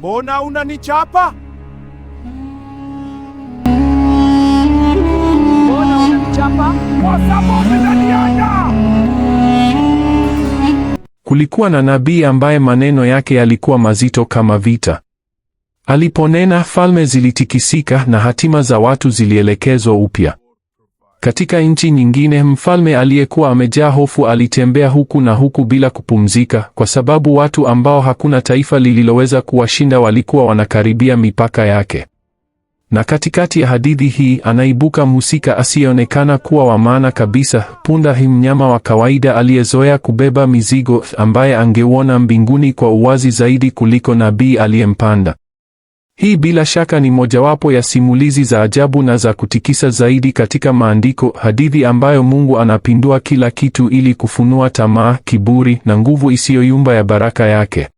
Mbona unanichapa? Mbona unanichapa? Kwa sababu unanianda. Kulikuwa na nabii ambaye maneno yake yalikuwa mazito kama vita. Aliponena, falme zilitikisika na hatima za watu zilielekezwa upya. Katika nchi nyingine, mfalme aliyekuwa amejaa hofu alitembea huku na huku bila kupumzika, kwa sababu watu ambao hakuna taifa lililoweza kuwashinda walikuwa wanakaribia mipaka yake. Na katikati ya hadithi hii anaibuka mhusika asiyeonekana kuwa wa maana kabisa, punda hi, mnyama wa kawaida aliyezoea kubeba mizigo, ambaye angeuona mbinguni kwa uwazi zaidi kuliko nabii aliyempanda. Hii bila shaka ni mojawapo ya simulizi za ajabu na za kutikisa zaidi katika maandiko, hadithi ambayo Mungu anapindua kila kitu ili kufunua tamaa, kiburi na nguvu isiyoyumba ya baraka yake.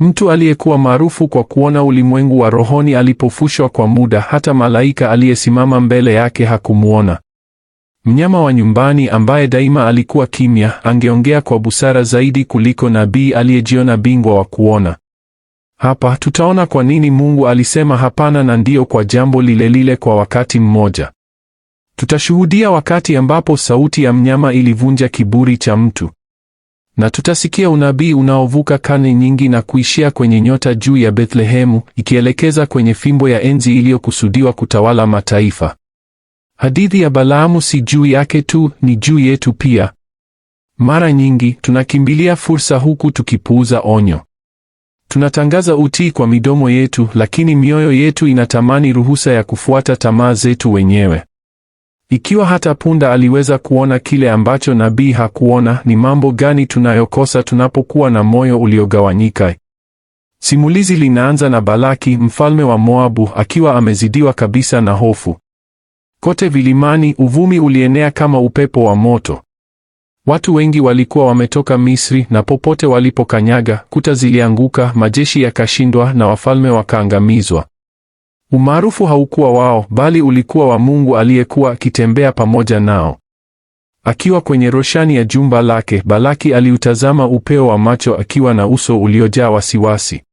Mtu aliyekuwa maarufu kwa kuona ulimwengu wa rohoni alipofushwa kwa muda, hata malaika aliyesimama mbele yake hakumwona. Mnyama wa nyumbani ambaye daima alikuwa kimya, angeongea kwa busara zaidi kuliko nabii aliyejiona bingwa wa kuona. Hapa tutaona kwa nini Mungu alisema hapana na ndio kwa jambo lile lile kwa wakati mmoja. Tutashuhudia wakati ambapo sauti ya mnyama ilivunja kiburi cha mtu, na tutasikia unabii unaovuka karne nyingi na kuishia kwenye nyota juu ya Bethlehemu, ikielekeza kwenye fimbo ya enzi iliyokusudiwa kutawala mataifa. Hadithi ya Balaamu si juu yake tu, ni juu yetu pia. Mara nyingi tunakimbilia fursa huku tukipuuza onyo. Tunatangaza utii kwa midomo yetu, lakini mioyo yetu inatamani ruhusa ya kufuata tamaa zetu wenyewe. Ikiwa hata punda aliweza kuona kile ambacho nabii hakuona, ni mambo gani tunayokosa tunapokuwa na moyo uliogawanyika? Simulizi linaanza na Balaki, mfalme wa Moabu, akiwa amezidiwa kabisa na hofu. Kote vilimani uvumi ulienea kama upepo wa moto. Watu wengi walikuwa wametoka Misri na popote walipokanyaga, kuta zilianguka, majeshi yakashindwa na wafalme wakaangamizwa. Umaarufu haukuwa wao, bali ulikuwa wa Mungu aliyekuwa akitembea pamoja nao. Akiwa kwenye roshani ya jumba lake, Balaki aliutazama upeo wa macho akiwa na uso uliojaa wasiwasi.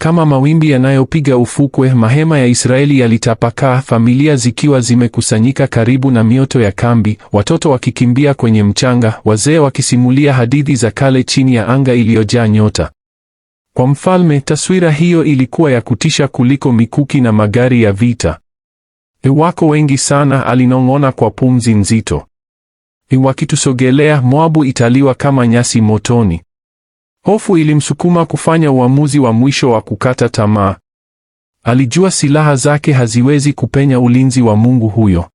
Kama mawimbi yanayopiga ufukwe, mahema ya Israeli yalitapakaa, familia zikiwa zimekusanyika karibu na mioto ya kambi, watoto wakikimbia kwenye mchanga, wazee wakisimulia hadithi za kale chini ya anga iliyojaa nyota. Kwa mfalme, taswira hiyo ilikuwa ya kutisha kuliko mikuki na magari ya vita. E, wako wengi sana, alinong'ona kwa pumzi nzito. E, wakitusogelea, Moabu italiwa kama nyasi motoni. Hofu ilimsukuma kufanya uamuzi wa mwisho wa kukata tamaa. Alijua silaha zake haziwezi kupenya ulinzi wa Mungu huyo.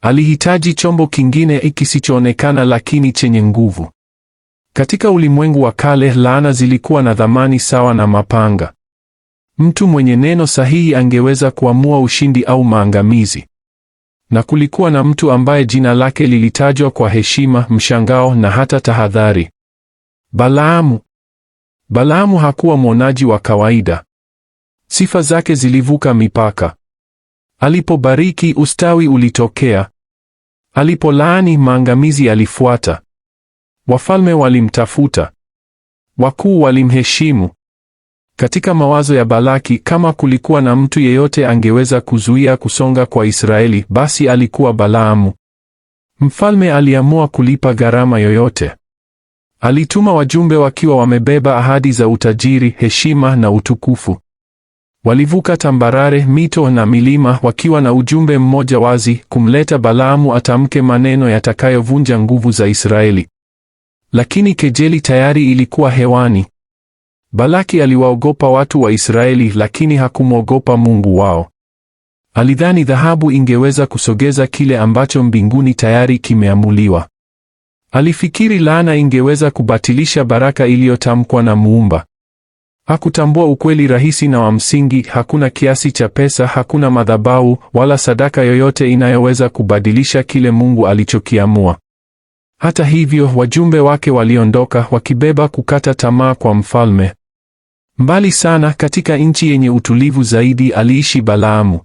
Alihitaji chombo kingine kisichoonekana lakini chenye nguvu. Katika ulimwengu wa kale, laana zilikuwa na dhamani sawa na mapanga. Mtu mwenye neno sahihi angeweza kuamua ushindi au maangamizi. Na kulikuwa na mtu ambaye jina lake lilitajwa kwa heshima, mshangao na hata tahadhari. Balaamu. Balaamu hakuwa mwonaji wa kawaida. Sifa zake zilivuka mipaka. Alipobariki, ustawi ulitokea. Alipolaani, maangamizi yalifuata. Wafalme walimtafuta, wakuu walimheshimu. Katika mawazo ya Balaki, kama kulikuwa na mtu yeyote angeweza kuzuia kusonga kwa Israeli, basi alikuwa Balaamu. Mfalme aliamua kulipa gharama yoyote. Alituma wajumbe wakiwa wamebeba ahadi za utajiri, heshima na utukufu. Walivuka tambarare, mito na milima wakiwa na ujumbe mmoja wazi, kumleta Balaamu atamke maneno yatakayovunja nguvu za Israeli. Lakini kejeli tayari ilikuwa hewani. Balaki aliwaogopa watu wa Israeli, lakini hakumwogopa Mungu wao. Alidhani dhahabu ingeweza kusogeza kile ambacho mbinguni tayari kimeamuliwa. Alifikiri laana ingeweza kubatilisha baraka iliyotamkwa na Muumba. Hakutambua ukweli rahisi na wa msingi: hakuna kiasi cha pesa, hakuna madhabahu wala sadaka yoyote inayoweza kubadilisha kile Mungu alichokiamua. Hata hivyo, wajumbe wake waliondoka wakibeba kukata tamaa kwa mfalme. Mbali sana katika nchi yenye utulivu zaidi aliishi Balaamu.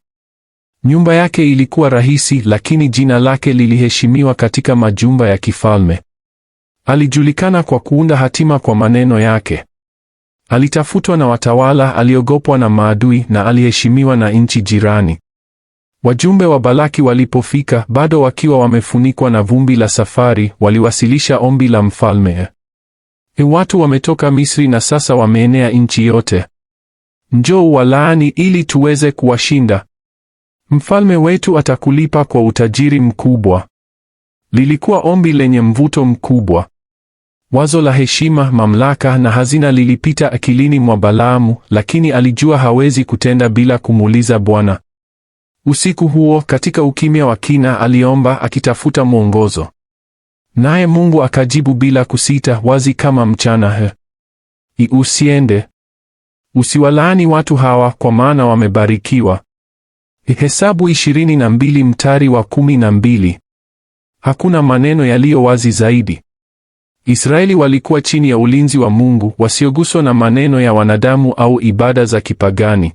Nyumba yake ilikuwa rahisi, lakini jina lake liliheshimiwa katika majumba ya kifalme. Alijulikana kwa kuunda hatima kwa maneno yake. Alitafutwa na watawala, aliogopwa na maadui na aliheshimiwa na nchi jirani. Wajumbe wa Balaki walipofika, bado wakiwa wamefunikwa na vumbi la safari, waliwasilisha ombi la mfalme. E, watu wametoka Misri na sasa wameenea nchi yote. Njoo walaani ili tuweze kuwashinda. Mfalme wetu atakulipa kwa utajiri mkubwa. Lilikuwa ombi lenye mvuto mkubwa. Wazo la heshima, mamlaka na hazina lilipita akilini mwa Balaamu, lakini alijua hawezi kutenda bila kumuuliza Bwana. Usiku huo katika ukimya wa kina, aliomba akitafuta mwongozo, naye Mungu akajibu bila kusita, wazi kama mchana, he, Iusiende. usiwalaani watu hawa, kwa maana wamebarikiwa. Hesabu ishirini na mbili mtari wa kumi na mbili. Hakuna maneno yaliyo wazi zaidi. Israeli walikuwa chini ya ulinzi wa Mungu, wasioguswa na maneno ya wanadamu au ibada za kipagani.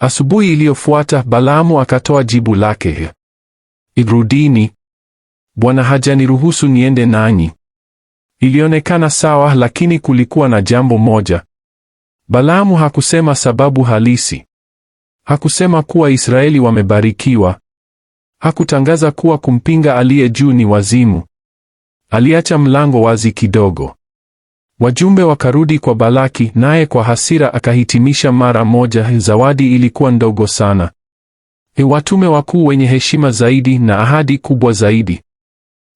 Asubuhi iliyofuata Balaamu akatoa jibu lake, irudini, Bwana hajaniruhusu niende nanyi. Ilionekana sawa, lakini kulikuwa na jambo moja. Balaamu hakusema sababu halisi. Hakusema kuwa Israeli wamebarikiwa. Hakutangaza kuwa kumpinga aliye juu ni wazimu. Aliacha mlango wazi kidogo. Wajumbe wakarudi kwa Balaki, naye kwa hasira akahitimisha mara moja, zawadi ilikuwa ndogo sana. ni e, watume wakuu wenye heshima zaidi na ahadi kubwa zaidi.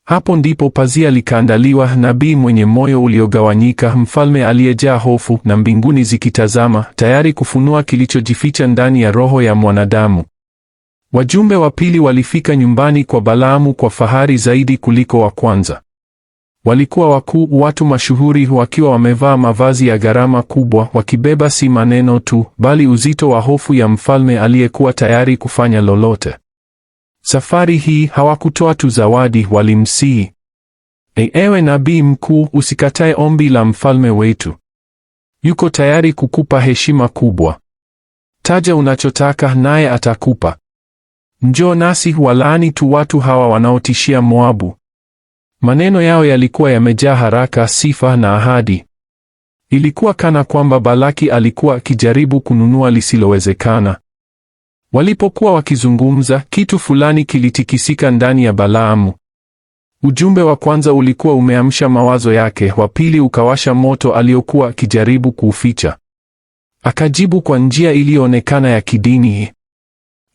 Hapo ndipo pazia likaandaliwa, nabii mwenye moyo uliogawanyika, mfalme aliyejaa hofu, na mbinguni zikitazama, tayari kufunua kilichojificha ndani ya roho ya mwanadamu. Wajumbe wa pili walifika nyumbani kwa Balaamu kwa fahari zaidi kuliko wa kwanza. Walikuwa wakuu, watu mashuhuri, wakiwa wamevaa mavazi ya gharama kubwa, wakibeba si maneno tu, bali uzito wa hofu ya mfalme aliyekuwa tayari kufanya lolote. Safari hii hawakutoa tu zawadi, e, ewe nabii mkuu, usikatae ombi la mfalme wetu. Yuko tayari kukupa heshima kubwa. Taja unachotaka naye atakupa. Njoo nasi walaani tu watu hawa wanaotishia Moabu. Maneno yao yalikuwa yamejaa haraka, sifa na ahadi. Ilikuwa kana kwamba Balaki alikuwa akijaribu kununua lisilowezekana. Walipokuwa wakizungumza, kitu fulani kilitikisika ndani ya Balaamu. Ujumbe wa kwanza ulikuwa umeamsha mawazo yake, wa pili ukawasha moto aliyokuwa akijaribu kuuficha. Akajibu kwa njia iliyoonekana ya kidini.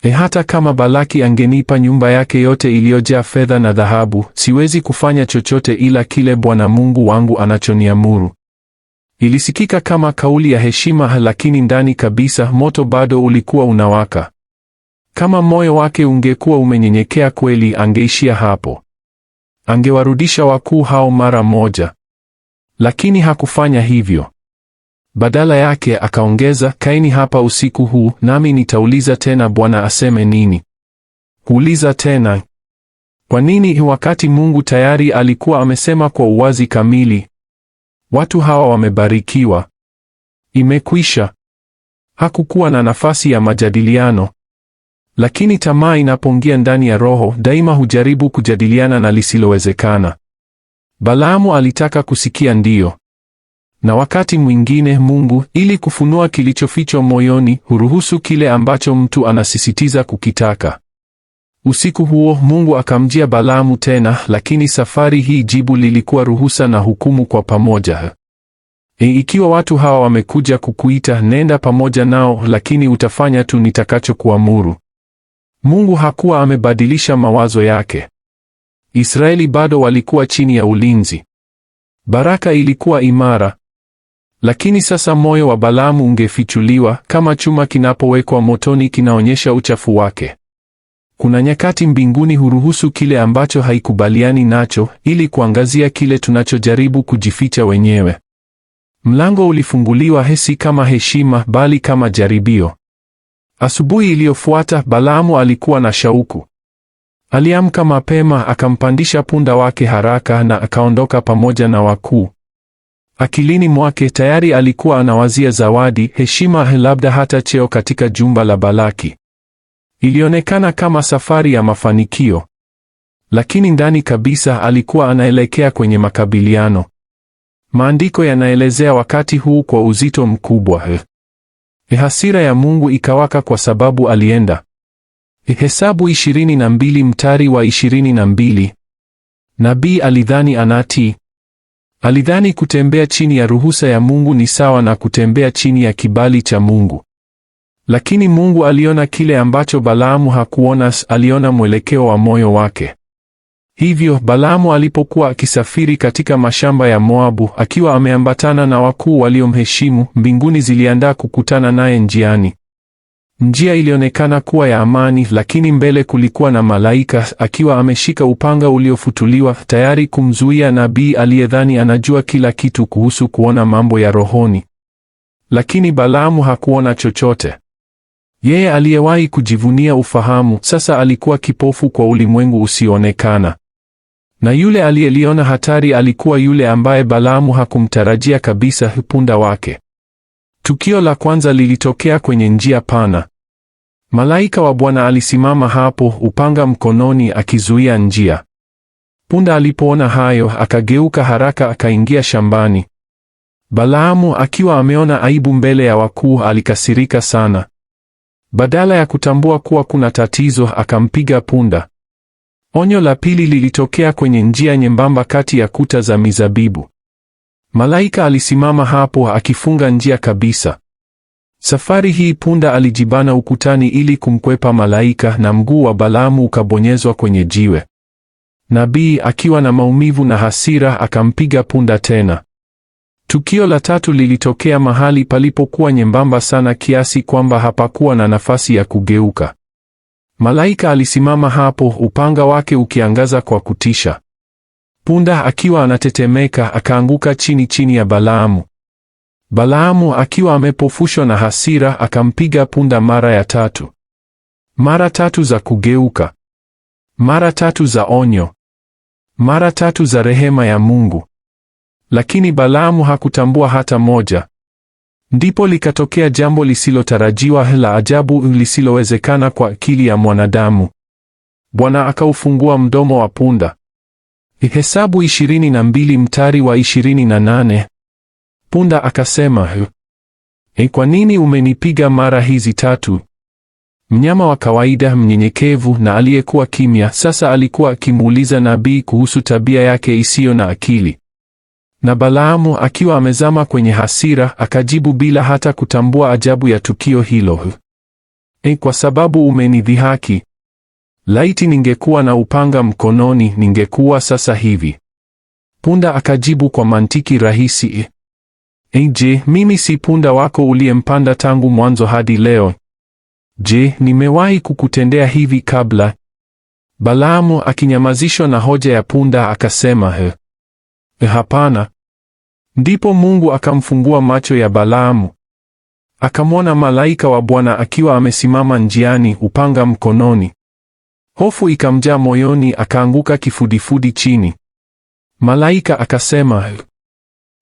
E, hata kama Balaki angenipa nyumba yake yote iliyojaa fedha na dhahabu, siwezi kufanya chochote ila kile Bwana Mungu wangu anachoniamuru. Ilisikika kama kauli ya heshima, lakini ndani kabisa moto bado ulikuwa unawaka. Kama moyo wake ungekuwa umenyenyekea kweli, angeishia hapo, angewarudisha wakuu hao mara moja, lakini hakufanya hivyo. Badala yake akaongeza, kaini hapa usiku huu, nami nitauliza tena, Bwana aseme nini? Kuuliza tena kwa nini, wakati Mungu tayari alikuwa amesema kwa uwazi kamili, watu hawa wamebarikiwa, imekwisha. Hakukuwa na nafasi ya majadiliano. Lakini tamaa inapoingia ndani ya roho, daima hujaribu kujadiliana na lisilowezekana. Balaamu alitaka kusikia ndio na wakati mwingine Mungu, ili kufunua kilichofichwa moyoni, huruhusu kile ambacho mtu anasisitiza kukitaka. Usiku huo Mungu akamjia Balaamu tena, lakini safari hii jibu lilikuwa ruhusa na hukumu kwa pamoja. E, ikiwa watu hawa wamekuja kukuita, nenda pamoja nao, lakini utafanya tu nitakachokuamuru. Mungu hakuwa amebadilisha mawazo yake. Israeli bado walikuwa chini ya ulinzi. Baraka ilikuwa imara. Lakini sasa moyo wa Balaamu ungefichuliwa kama chuma kinapowekwa motoni kinaonyesha uchafu wake. Kuna nyakati mbinguni huruhusu kile ambacho haikubaliani nacho ili kuangazia kile tunachojaribu kujificha wenyewe. Mlango ulifunguliwa hesi kama heshima bali kama jaribio. Asubuhi iliyofuata Balaamu alikuwa na shauku. Aliamka mapema, akampandisha punda wake haraka na akaondoka pamoja na wakuu. Akilini mwake tayari alikuwa anawazia zawadi, heshima, labda hata cheo katika jumba la Balaki. Ilionekana kama safari ya mafanikio, lakini ndani kabisa alikuwa anaelekea kwenye makabiliano. Maandiko yanaelezea wakati huu kwa uzito mkubwa. Hasira ya Mungu ikawaka kwa sababu alienda. Hesabu 22 mtari wa 22. Nabii alidhani anati Alidhani kutembea chini ya ruhusa ya Mungu ni sawa na kutembea chini ya kibali cha Mungu. Lakini Mungu aliona kile ambacho Balaamu hakuona, aliona mwelekeo wa moyo wake. Hivyo Balaamu alipokuwa akisafiri katika mashamba ya Moabu akiwa ameambatana na wakuu waliomheshimu, mbinguni ziliandaa kukutana naye njiani. Njia ilionekana kuwa ya amani, lakini mbele kulikuwa na malaika akiwa ameshika upanga uliofutuliwa tayari kumzuia nabii aliyedhani anajua kila kitu kuhusu kuona mambo ya rohoni. Lakini Balaamu hakuona chochote. Yeye aliyewahi kujivunia ufahamu sasa alikuwa kipofu kwa ulimwengu usioonekana. Na yule aliyeliona hatari alikuwa yule ambaye Balaamu hakumtarajia kabisa, punda wake. Tukio la kwanza lilitokea kwenye njia pana. Malaika wa Bwana alisimama hapo, upanga mkononi, akizuia njia. Punda alipoona hayo, akageuka haraka, akaingia shambani. Balaamu akiwa ameona aibu mbele ya wakuu, alikasirika sana. Badala ya kutambua kuwa kuna tatizo, akampiga punda. Onyo la pili lilitokea kwenye njia nyembamba kati ya kuta za mizabibu. Malaika alisimama hapo akifunga njia kabisa. Safari hii punda alijibana ukutani ili kumkwepa malaika na mguu wa Balaamu ukabonyezwa kwenye jiwe. Nabii akiwa na maumivu na hasira akampiga punda tena. Tukio la tatu lilitokea mahali palipokuwa nyembamba sana kiasi kwamba hapakuwa na nafasi ya kugeuka. Malaika alisimama hapo, upanga wake ukiangaza kwa kutisha. Punda akiwa anatetemeka akaanguka chini chini ya Balaamu. Balaamu akiwa amepofushwa na hasira akampiga punda mara ya tatu. Mara tatu za kugeuka. Mara tatu za onyo. Mara tatu za rehema ya Mungu. Lakini Balaamu hakutambua hata moja. Ndipo likatokea jambo lisilotarajiwa la ajabu lisilowezekana kwa akili ya mwanadamu. Bwana akaufungua mdomo wa punda. Hesabu 22 mtari wa 28. Punda akasema, e, kwa nini umenipiga mara hizi tatu? Mnyama wa kawaida mnyenyekevu na aliyekuwa kimya sasa alikuwa akimuuliza nabii kuhusu tabia yake isiyo na akili. Na Balaamu akiwa amezama kwenye hasira, akajibu bila hata kutambua ajabu ya tukio hilo. E, kwa sababu umenidhihaki. Laiti ningekuwa na upanga mkononi, ningekuwa sasa hivi. Punda akajibu kwa mantiki rahisi. E, e je, mimi si punda wako uliyempanda tangu mwanzo hadi leo? Je, nimewahi kukutendea hivi kabla? Balaamu akinyamazishwa na hoja ya punda akasema, he, hapana. Ndipo Mungu akamfungua macho ya Balaamu, akamwona malaika wa Bwana akiwa amesimama njiani, upanga mkononi. Hofu ikamjaa moyoni, akaanguka kifudifudi chini. Malaika akasema,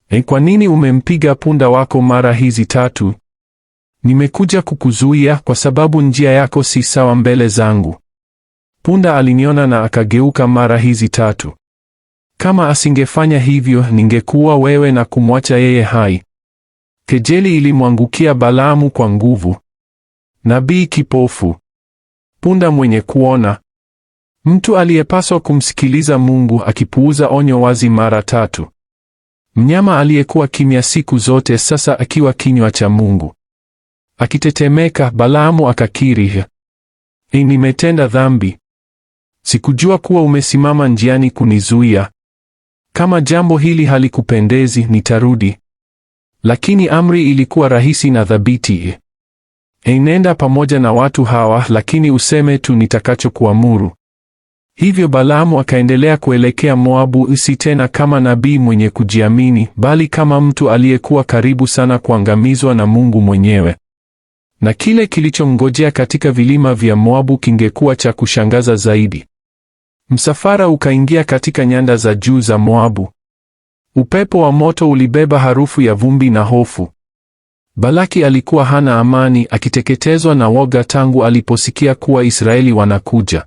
E, kwa nini umempiga punda wako mara hizi tatu? Nimekuja kukuzuia kwa sababu njia yako si sawa mbele zangu. Punda aliniona na akageuka mara hizi tatu. Kama asingefanya hivyo, ningekuwa wewe na kumwacha yeye hai. Kejeli ilimwangukia Balaamu kwa nguvu. Nabii kipofu, punda mwenye kuona, mtu aliyepaswa kumsikiliza Mungu akipuuza onyo wazi mara tatu, mnyama aliyekuwa kimya siku zote sasa akiwa kinywa cha Mungu. Akitetemeka, Balaamu akakiri, nimetenda dhambi, sikujua kuwa umesimama njiani kunizuia. Kama jambo hili halikupendezi, nitarudi. Lakini amri ilikuwa rahisi na thabiti. Enenda pamoja na watu hawa, lakini useme tu nitakachokuamuru. Hivyo Balaamu akaendelea kuelekea Moabu, si tena kama nabii mwenye kujiamini, bali kama mtu aliyekuwa karibu sana kuangamizwa na Mungu mwenyewe. Na kile kilichomngojea katika vilima vya Moabu kingekuwa cha kushangaza zaidi. Msafara ukaingia katika nyanda za juu za Moabu. Upepo wa moto ulibeba harufu ya vumbi na hofu. Balaki alikuwa hana amani, akiteketezwa na woga tangu aliposikia kuwa Israeli wanakuja.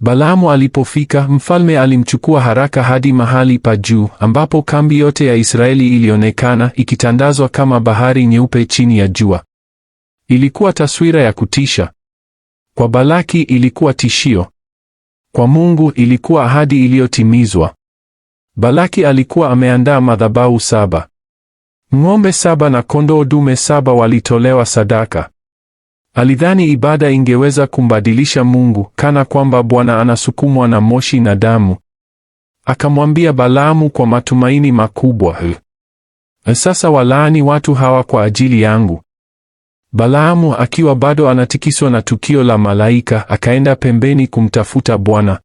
Balaamu alipofika, mfalme alimchukua haraka hadi mahali pa juu ambapo kambi yote ya Israeli ilionekana ikitandazwa kama bahari nyeupe chini ya jua. Ilikuwa taswira ya kutisha. Kwa Balaki ilikuwa tishio. Kwa Mungu ilikuwa ahadi iliyotimizwa. Balaki alikuwa ameandaa madhabahu saba. Ng'ombe saba na kondoo dume saba walitolewa sadaka. Alidhani ibada ingeweza kumbadilisha Mungu kana kwamba Bwana anasukumwa na moshi na damu. Akamwambia Balaamu kwa matumaini makubwa, sasa walaani watu hawa kwa ajili yangu. Balaamu akiwa bado anatikiswa na tukio la malaika, akaenda pembeni kumtafuta Bwana.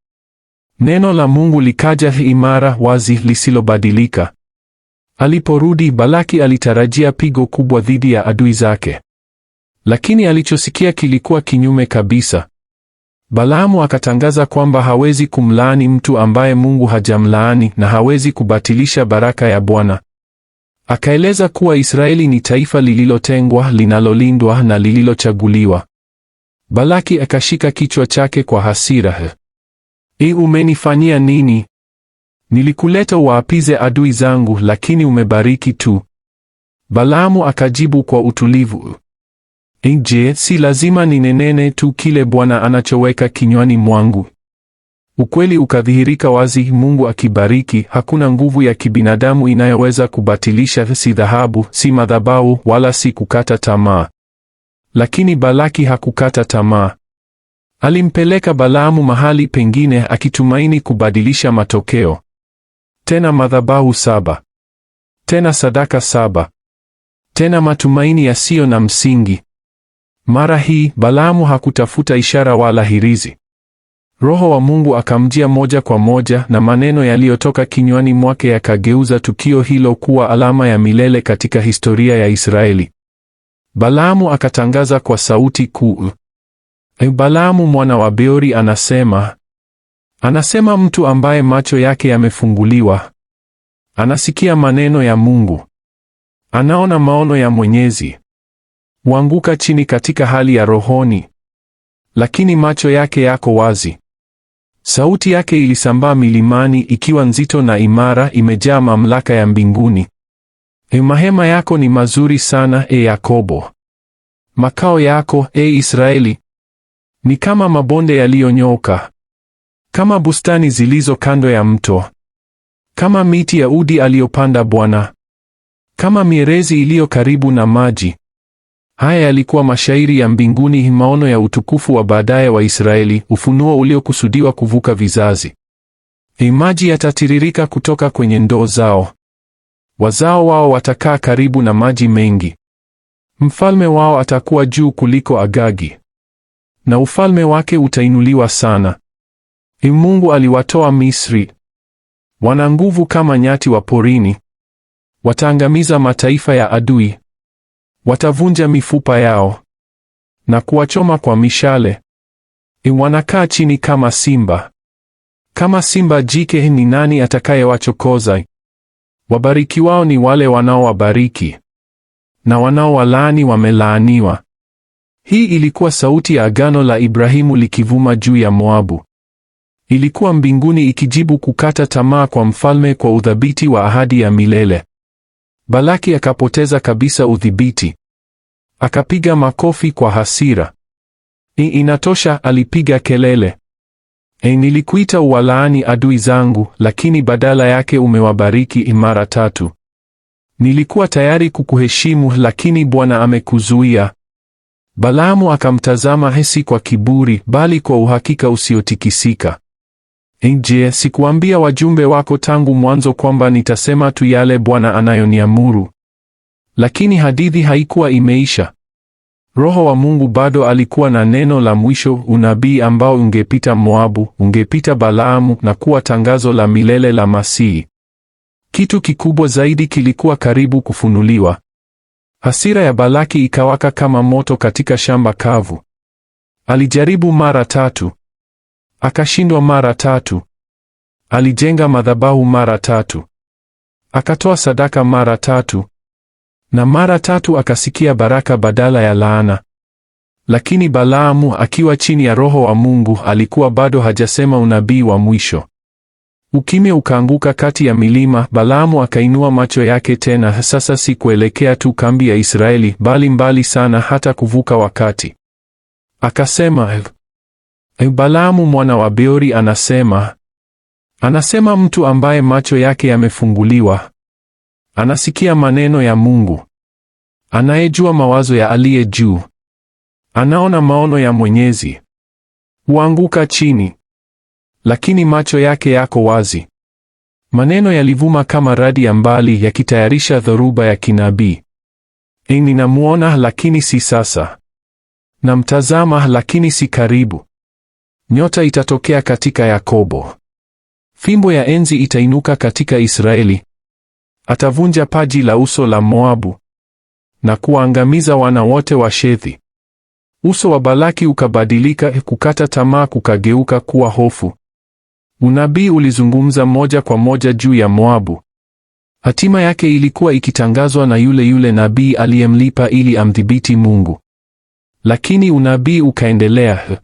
Neno la Mungu likaja imara, wazi, lisilobadilika. Aliporudi, Balaki alitarajia pigo kubwa dhidi ya adui zake, lakini alichosikia kilikuwa kinyume kabisa. Balaamu akatangaza kwamba hawezi kumlaani mtu ambaye Mungu hajamlaani na hawezi kubatilisha baraka ya Bwana. Akaeleza kuwa Israeli ni taifa lililotengwa, linalolindwa na lililochaguliwa. Balaki akashika kichwa chake kwa hasira. I, umenifanyia nini? Nilikuleta waapize adui zangu, lakini umebariki tu. Balaamu akajibu kwa utulivu, nje si lazima ninenene tu kile Bwana anachoweka kinywani mwangu? Ukweli ukadhihirika wazi, Mungu akibariki, hakuna nguvu ya kibinadamu inayoweza kubatilisha, si dhahabu, si madhabahu, wala si kukata tamaa. Lakini Balaki hakukata tamaa. Alimpeleka Balaamu mahali pengine akitumaini kubadilisha matokeo. Tena madhabahu saba. Tena sadaka saba. Tena matumaini yasiyo na msingi. Mara hii Balaamu hakutafuta ishara wala hirizi. Roho wa Mungu akamjia moja kwa moja na maneno yaliyotoka kinywani mwake yakageuza tukio hilo kuwa alama ya milele katika historia ya Israeli. Balaamu akatangaza kwa sauti kuu. E, Balaamu mwana wa Beori anasema, anasema mtu ambaye macho yake yamefunguliwa, anasikia maneno ya Mungu, anaona maono ya Mwenyezi, huanguka chini katika hali ya rohoni, lakini macho yake yako wazi. Sauti yake ilisambaa milimani ikiwa nzito na imara, imejaa mamlaka ya mbinguni. Mahema yako ni mazuri sana, e Yakobo. Makao yako, e Israeli, ni kama mabonde yaliyonyoka, kama bustani zilizo kando ya mto, kama miti ya udi aliyopanda Bwana, kama mierezi iliyo karibu na maji. Haya yalikuwa mashairi ya mbinguni, maono ya utukufu wa baadaye wa Israeli, ufunuo uliokusudiwa kuvuka vizazi. Maji yatatiririka kutoka kwenye ndoo zao, wazao wao watakaa karibu na maji mengi. Mfalme wao atakuwa juu kuliko Agagi, na ufalme wake utainuliwa sana. E Mungu aliwatoa Misri, wana nguvu kama nyati wa porini. Wataangamiza mataifa ya adui. Watavunja mifupa yao na kuwachoma kwa mishale. E, wanakaa chini kama simba. Kama simba jike, ni nani atakayewachokoza? Wabariki wao ni wale wanaowabariki na wanaowalaani wamelaaniwa. Hii ilikuwa sauti ya agano la Ibrahimu likivuma juu ya Moabu. Ilikuwa mbinguni ikijibu kukata tamaa kwa mfalme kwa uthabiti wa ahadi ya milele. Balaki akapoteza kabisa udhibiti, akapiga makofi kwa hasira. I, inatosha, alipiga kelele. E, nilikuita uwalaani adui zangu, lakini badala yake umewabariki imara tatu. Nilikuwa tayari kukuheshimu, lakini Bwana amekuzuia. Balaamu akamtazama Hesi kwa kiburi, bali kwa uhakika usiotikisika. Je, sikuambia wajumbe wako tangu mwanzo kwamba nitasema tu yale Bwana anayoniamuru? Lakini hadithi haikuwa imeisha. Roho wa Mungu bado alikuwa na neno la mwisho, unabii ambao ungepita Moabu, ungepita Balaamu na kuwa tangazo la milele la Masihi. Kitu kikubwa zaidi kilikuwa karibu kufunuliwa. Hasira ya Balaki ikawaka kama moto katika shamba kavu. Alijaribu mara tatu akashindwa mara tatu. Alijenga madhabahu mara tatu, akatoa sadaka mara tatu, na mara tatu akasikia baraka badala ya laana. Lakini Balaamu akiwa chini ya Roho wa Mungu alikuwa bado hajasema unabii wa mwisho. Ukimya ukaanguka kati ya milima. Balaamu akainua macho yake tena, sasa si kuelekea tu kambi ya Israeli, bali mbali sana, hata kuvuka wakati. Akasema, Balaamu mwana wa Beori anasema anasema mtu ambaye macho yake yamefunguliwa, anasikia maneno ya Mungu, anayejua mawazo ya aliye juu, anaona maono ya Mwenyezi, huanguka chini, lakini macho yake yako wazi. Maneno yalivuma kama radi ya mbali, yakitayarisha dhoruba ya kinabii. Ninamuona, lakini si sasa, namtazama, lakini si karibu. Nyota itatokea katika Yakobo. Fimbo ya enzi itainuka katika Israeli. Atavunja paji la uso la Moabu na kuwaangamiza wana wote wa Shethi. Uso wa Balaki ukabadilika, kukata tamaa kukageuka kuwa hofu. Unabii ulizungumza moja kwa moja juu ya Moabu. Hatima yake ilikuwa ikitangazwa na yule yule nabii aliyemlipa ili amdhibiti Mungu. Lakini unabii ukaendelea.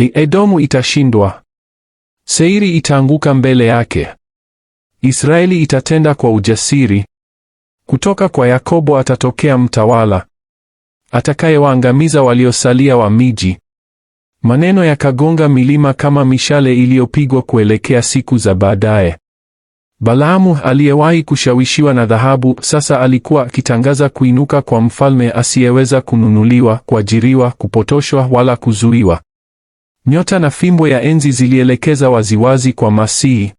Edomu itashindwa. Seiri itaanguka mbele yake. Israeli itatenda kwa ujasiri. Kutoka kwa Yakobo atatokea mtawala atakayewaangamiza waliosalia wa miji. Maneno yakagonga milima kama mishale iliyopigwa kuelekea siku za baadaye. Balaamu aliyewahi kushawishiwa na dhahabu sasa alikuwa akitangaza kuinuka kwa mfalme asiyeweza kununuliwa, kuajiriwa, kupotoshwa wala kuzuiwa. Nyota na fimbo ya enzi zilielekeza waziwazi kwa Masihi.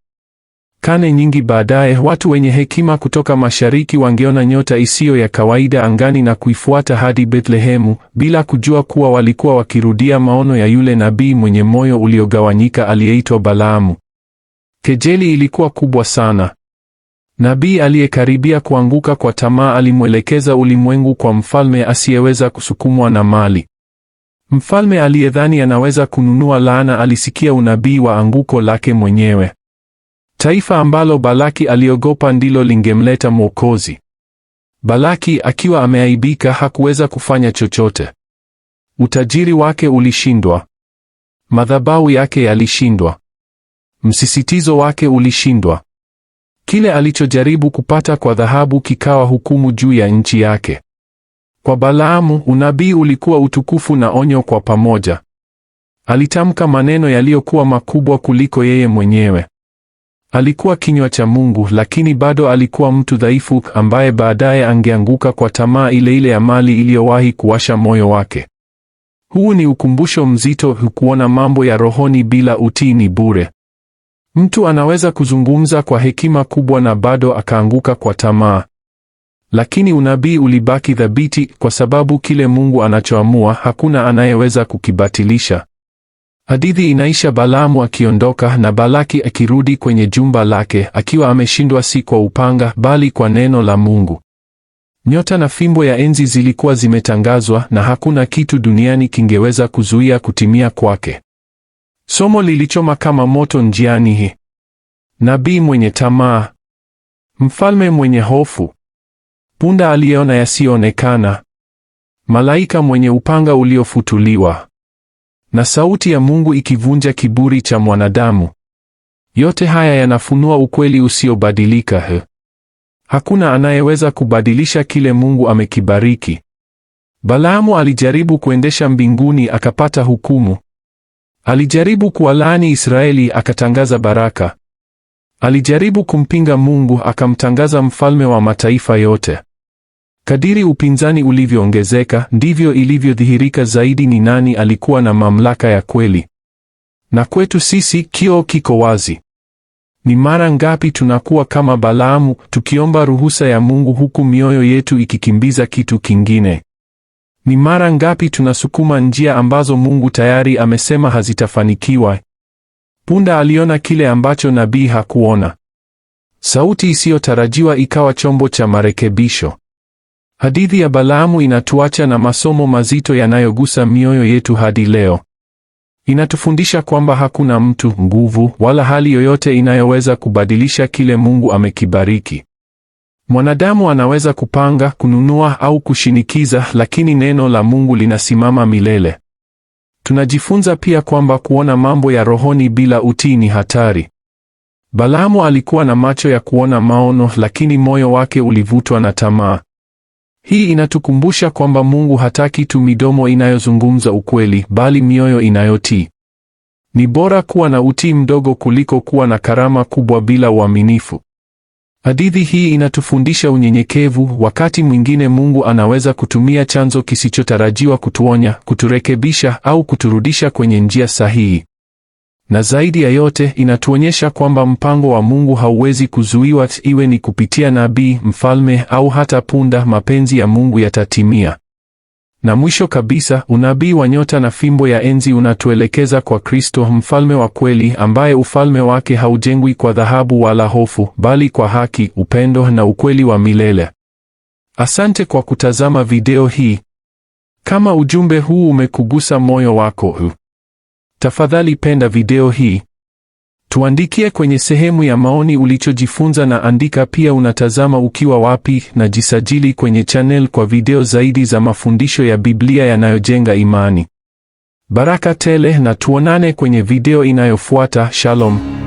Kane nyingi baadaye, watu wenye hekima kutoka mashariki wangeona nyota isiyo ya kawaida angani na kuifuata hadi Bethlehemu bila kujua kuwa walikuwa wakirudia maono ya yule nabii mwenye moyo uliogawanyika aliyeitwa Balaamu. Kejeli ilikuwa kubwa sana. Nabii aliyekaribia kuanguka kwa tamaa alimwelekeza ulimwengu kwa mfalme asiyeweza kusukumwa na mali. Mfalme aliyedhani anaweza kununua laana alisikia unabii wa anguko lake mwenyewe. Taifa ambalo Balaki aliogopa ndilo lingemleta mwokozi. Balaki akiwa ameaibika hakuweza kufanya chochote. Utajiri wake ulishindwa. Madhabahu yake yalishindwa. Msisitizo wake ulishindwa. Kile alichojaribu kupata kwa dhahabu kikawa hukumu juu ya nchi yake. Kwa Balaamu, unabii ulikuwa utukufu na onyo kwa pamoja. Alitamka maneno yaliyokuwa makubwa kuliko yeye mwenyewe. Alikuwa kinywa cha Mungu, lakini bado alikuwa mtu dhaifu ambaye baadaye angeanguka kwa tamaa ile ile ya mali iliyowahi kuwasha moyo wake. Huu ni ukumbusho mzito, hukuona mambo ya rohoni bila utii ni bure. Mtu anaweza kuzungumza kwa hekima kubwa na bado akaanguka kwa tamaa. Lakini unabii ulibaki thabiti kwa sababu kile Mungu anachoamua hakuna anayeweza kukibatilisha. Hadithi inaisha Balaamu akiondoka na Balaki akirudi kwenye jumba lake akiwa ameshindwa si kwa upanga bali kwa neno la Mungu. Nyota na fimbo ya enzi zilikuwa zimetangazwa na hakuna kitu duniani kingeweza kuzuia kutimia kwake. Somo lilichoma kama moto njiani hii. Nabii mwenye tamaa, mfalme mwenye hofu, Punda aliyeona yasiyoonekana, malaika mwenye upanga uliofutuliwa, na sauti ya Mungu ikivunja kiburi cha mwanadamu. Yote haya yanafunua ukweli usiobadilika he. Hakuna anayeweza kubadilisha kile Mungu amekibariki. Balaamu alijaribu kuendesha mbinguni akapata hukumu. Alijaribu kuwalaani Israeli akatangaza baraka. Alijaribu kumpinga Mungu akamtangaza mfalme wa mataifa yote. Kadiri upinzani ulivyoongezeka, ndivyo ilivyodhihirika zaidi ni nani alikuwa na mamlaka ya kweli. Na kwetu sisi kioo kiko wazi. Ni mara ngapi tunakuwa kama Balaamu tukiomba ruhusa ya Mungu huku mioyo yetu ikikimbiza kitu kingine? Ni mara ngapi tunasukuma njia ambazo Mungu tayari amesema hazitafanikiwa? Punda aliona kile ambacho nabii hakuona. Sauti isiyotarajiwa ikawa chombo cha marekebisho. Hadithi ya Balaamu inatuacha na masomo mazito yanayogusa mioyo yetu hadi leo. Inatufundisha kwamba hakuna mtu, nguvu, wala hali yoyote inayoweza kubadilisha kile Mungu amekibariki. Mwanadamu anaweza kupanga, kununua au kushinikiza, lakini neno la Mungu linasimama milele. Tunajifunza pia kwamba kuona mambo ya rohoni bila utii ni hatari. Balaamu alikuwa na macho ya kuona maono, lakini moyo wake ulivutwa na tamaa. Hii inatukumbusha kwamba Mungu hataki tu midomo inayozungumza ukweli, bali mioyo inayotii. Ni bora kuwa na utii mdogo kuliko kuwa na karama kubwa bila uaminifu. Hadithi hii inatufundisha unyenyekevu. Wakati mwingine Mungu anaweza kutumia chanzo kisichotarajiwa kutuonya, kuturekebisha au kuturudisha kwenye njia sahihi na zaidi ya yote inatuonyesha kwamba mpango wa Mungu hauwezi kuzuiwa, iwe ni kupitia nabii, mfalme au hata punda. Mapenzi ya Mungu yatatimia. Na mwisho kabisa, unabii wa nyota na fimbo ya enzi unatuelekeza kwa Kristo, mfalme wa kweli, ambaye ufalme wake haujengwi kwa dhahabu wala hofu, bali kwa haki, upendo na ukweli wa milele. Asante kwa kutazama video hii. Kama ujumbe huu umekugusa moyo wako Tafadhali penda video hii. Tuandikie kwenye sehemu ya maoni ulichojifunza na andika pia unatazama ukiwa wapi na jisajili kwenye channel kwa video zaidi za mafundisho ya Biblia yanayojenga imani. Baraka tele na tuonane kwenye video inayofuata. Shalom.